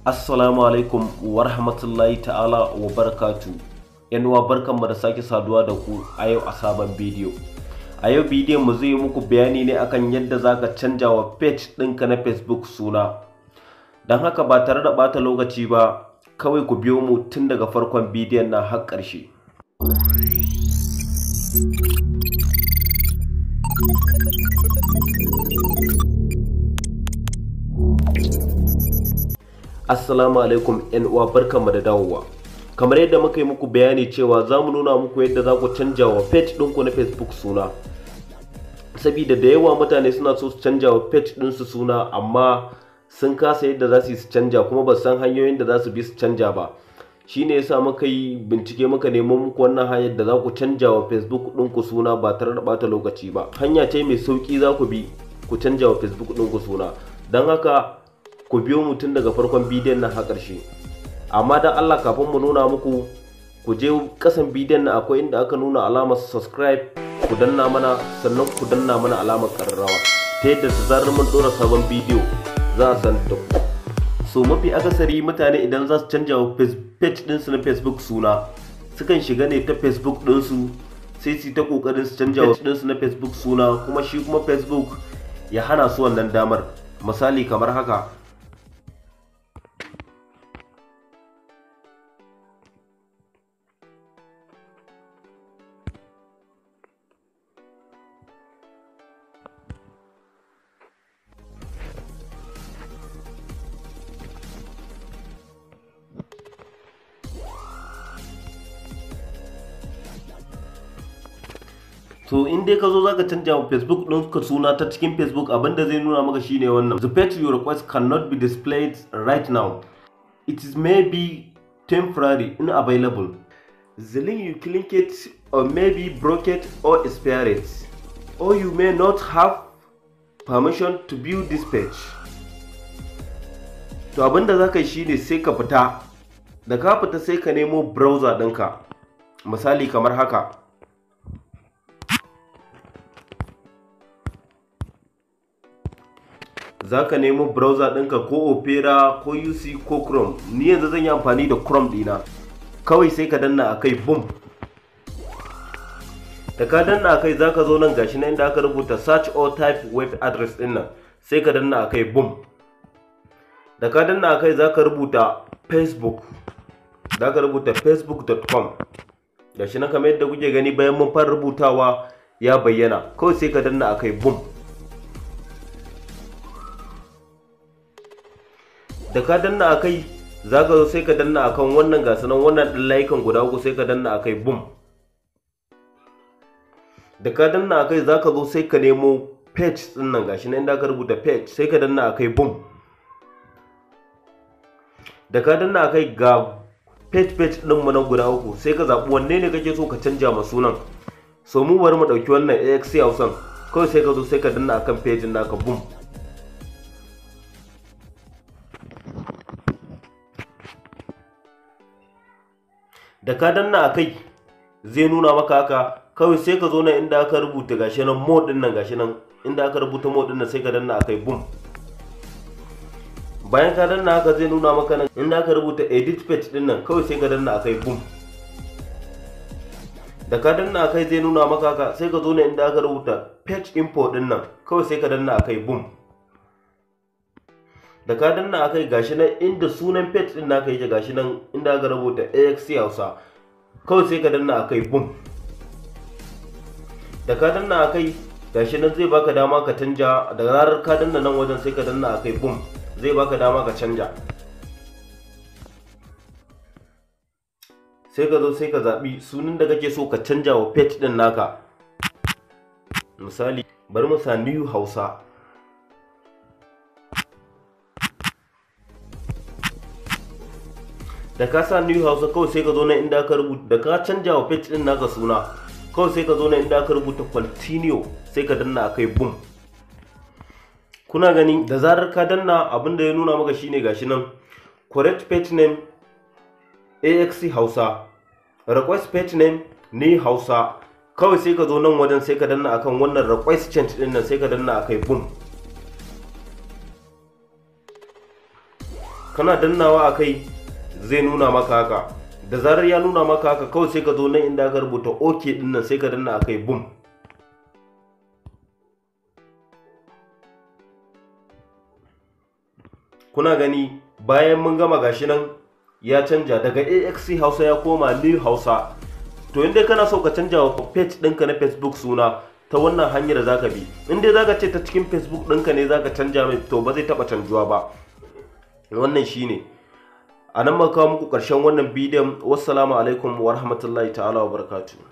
Assalamu alaikum wa rahmatullahi ta'ala wa barakatu. Yanuwa mu da sake saduwa da ku a yau a sabon bidiyo. A yau bidiyon mu zai muku bayani ne akan yadda zaka canja wa page ɗinka na Facebook suna. Don haka ba tare da ɓata lokaci ba, kawai ku biyo mu tun daga farkon bidiyon na har ƙarshe. Assalamu alaikum ‘yan uwa barkanmu da dawowa. Kamar yadda muka yi muku bayani cewa za mu nuna muku yadda za ku canja wa page ɗinku na Facebook suna. Sabida da yawa mutane suna so su canja wa page ɗinsu suna amma sun kasa yadda za su yi su canja kuma ba san hanyoyin da za su bi su canja ba. Shi ne yasa muka yi bincike muka nemo muku wannan hanyar da za ku canja wa Facebook ɗinku suna ba tare da ɓata lokaci ba. Hanya ce mai sauƙi za ku bi ku canja wa Facebook ɗinku suna. Don haka ku biyo mu tun daga farkon bidiyon nan har ƙarshe amma dan Allah kafin mu nuna muku ku je ƙasan bidiyon nan akwai inda aka nuna alamar subscribe ku danna mana sannan ku danna mana alamar kararrawa ta yadda su zarar mun dora sabon bidiyo za a san da ku so mafi akasari mutane idan za su canja wa page ɗinsu na facebook suna sukan shiga ne ta facebook ɗinsu sai su ta kokarin su canja wa ɗinsu na facebook suna kuma shi kuma facebook ya hana su wannan damar misali kamar haka To in dai ka zo zaka canja wa facebook ɗin ka suna ta cikin facebook da zai nuna maka shine wannan the page you request cannot be displayed right now it is maybe temporary unavailable the link you click it or maybe broke it or expired or you may not have permission to view this page to abinda za ka yi shine sai ka fita da ka fita sai ka nemo browser ɗinka misali kamar haka za ka nemo browser ɗinka ko opera ko uc ko chrome ni yanzu zan yi amfani da chrome ɗina kawai sai ka danna a kai boom da ka danna a kai za ka zo nan gashi na inda aka rubuta search or type web address ɗin nan sai ka danna a kai boom da ka danna a kai za ka rubuta facebook za ka rubuta facebook.com gashi na kamar yadda kuke gani bayan mun fara rubutawa ya bayyana kawai sai ka danna a kai boom da ka danna a kai za ka zo sai ka danna akan wannan gasu nan wannan ɗin layukan guda uku sai ka danna a kai bum da ka danna a kai za ka zo sai ka nemo page ɗin nan gashi nan inda ka rubuta page sai ka danna a kai bum da ka danna a kai ga page page ɗin mu nan guda uku sai ka zaɓi wanne ne kake so ka canja ma sunan so mu bari mu ɗauki wannan axc hausan kawai sai ka zo sai ka danna akan page naka bum da ka danna a kai zai nuna maka haka kawai sai ka zo nan inda aka rubuta gashi nan mod din nan gashi nan inda aka rubuta mod din nan sai ka danna a kai boom bayan ka danna haka zai nuna maka nan inda aka rubuta edit page din nan kawai sai ka danna a kai boom da ka danna a kai zai nuna maka haka sai ka zo nan inda aka rubuta page import din nan kawai sai ka danna a kai boom da ka danna akai gashi nan inda sunan page din naka yake gashi nan inda aka rubuta AXC Hausa kawai sai ka danna yi boom da ka danna akai gashi nan zai baka dama ka canja da zarar ka danna nan wajen sai ka danna yi boom zai baka dama ka canja sai ka zo sai ka zaɓi sunan da kake so ka canja wa page din naka misali bari mu sa new hausa da ka sa new hausa kawai sai ka zo na inda ka rubuta da ka canja wa page din naka suna kawai sai ka zo na inda ka rubuta continue sai ka danna akai boom kuna gani da zarar ka danna abin da ya nuna maka shine gashi nan correct page name axc hausa request page name ni hausa kawai sai ka zo nan wajen sai ka danna akan wannan request change din nan sai ka danna akai boom kana dannawa akai zai nuna maka haka da zarar ya nuna maka haka kawai sai ka zo nan inda aka rubuta ok din sai ka danna akai boom kuna gani bayan mun gama gashi nan ya canja daga axc hausa ya koma new hausa to inda kana so ka canja wa page ɗinka na facebook suna ta wannan hanyar zaka bi inda dai zaka ce ta cikin facebook ɗinka ne zaka canja mai to ba zai taɓa canjuwa ba wannan shine a nan maka muku ƙarshen wannan bidiyon salamu alaikum wa rahmatullahi ta'ala wa barakatun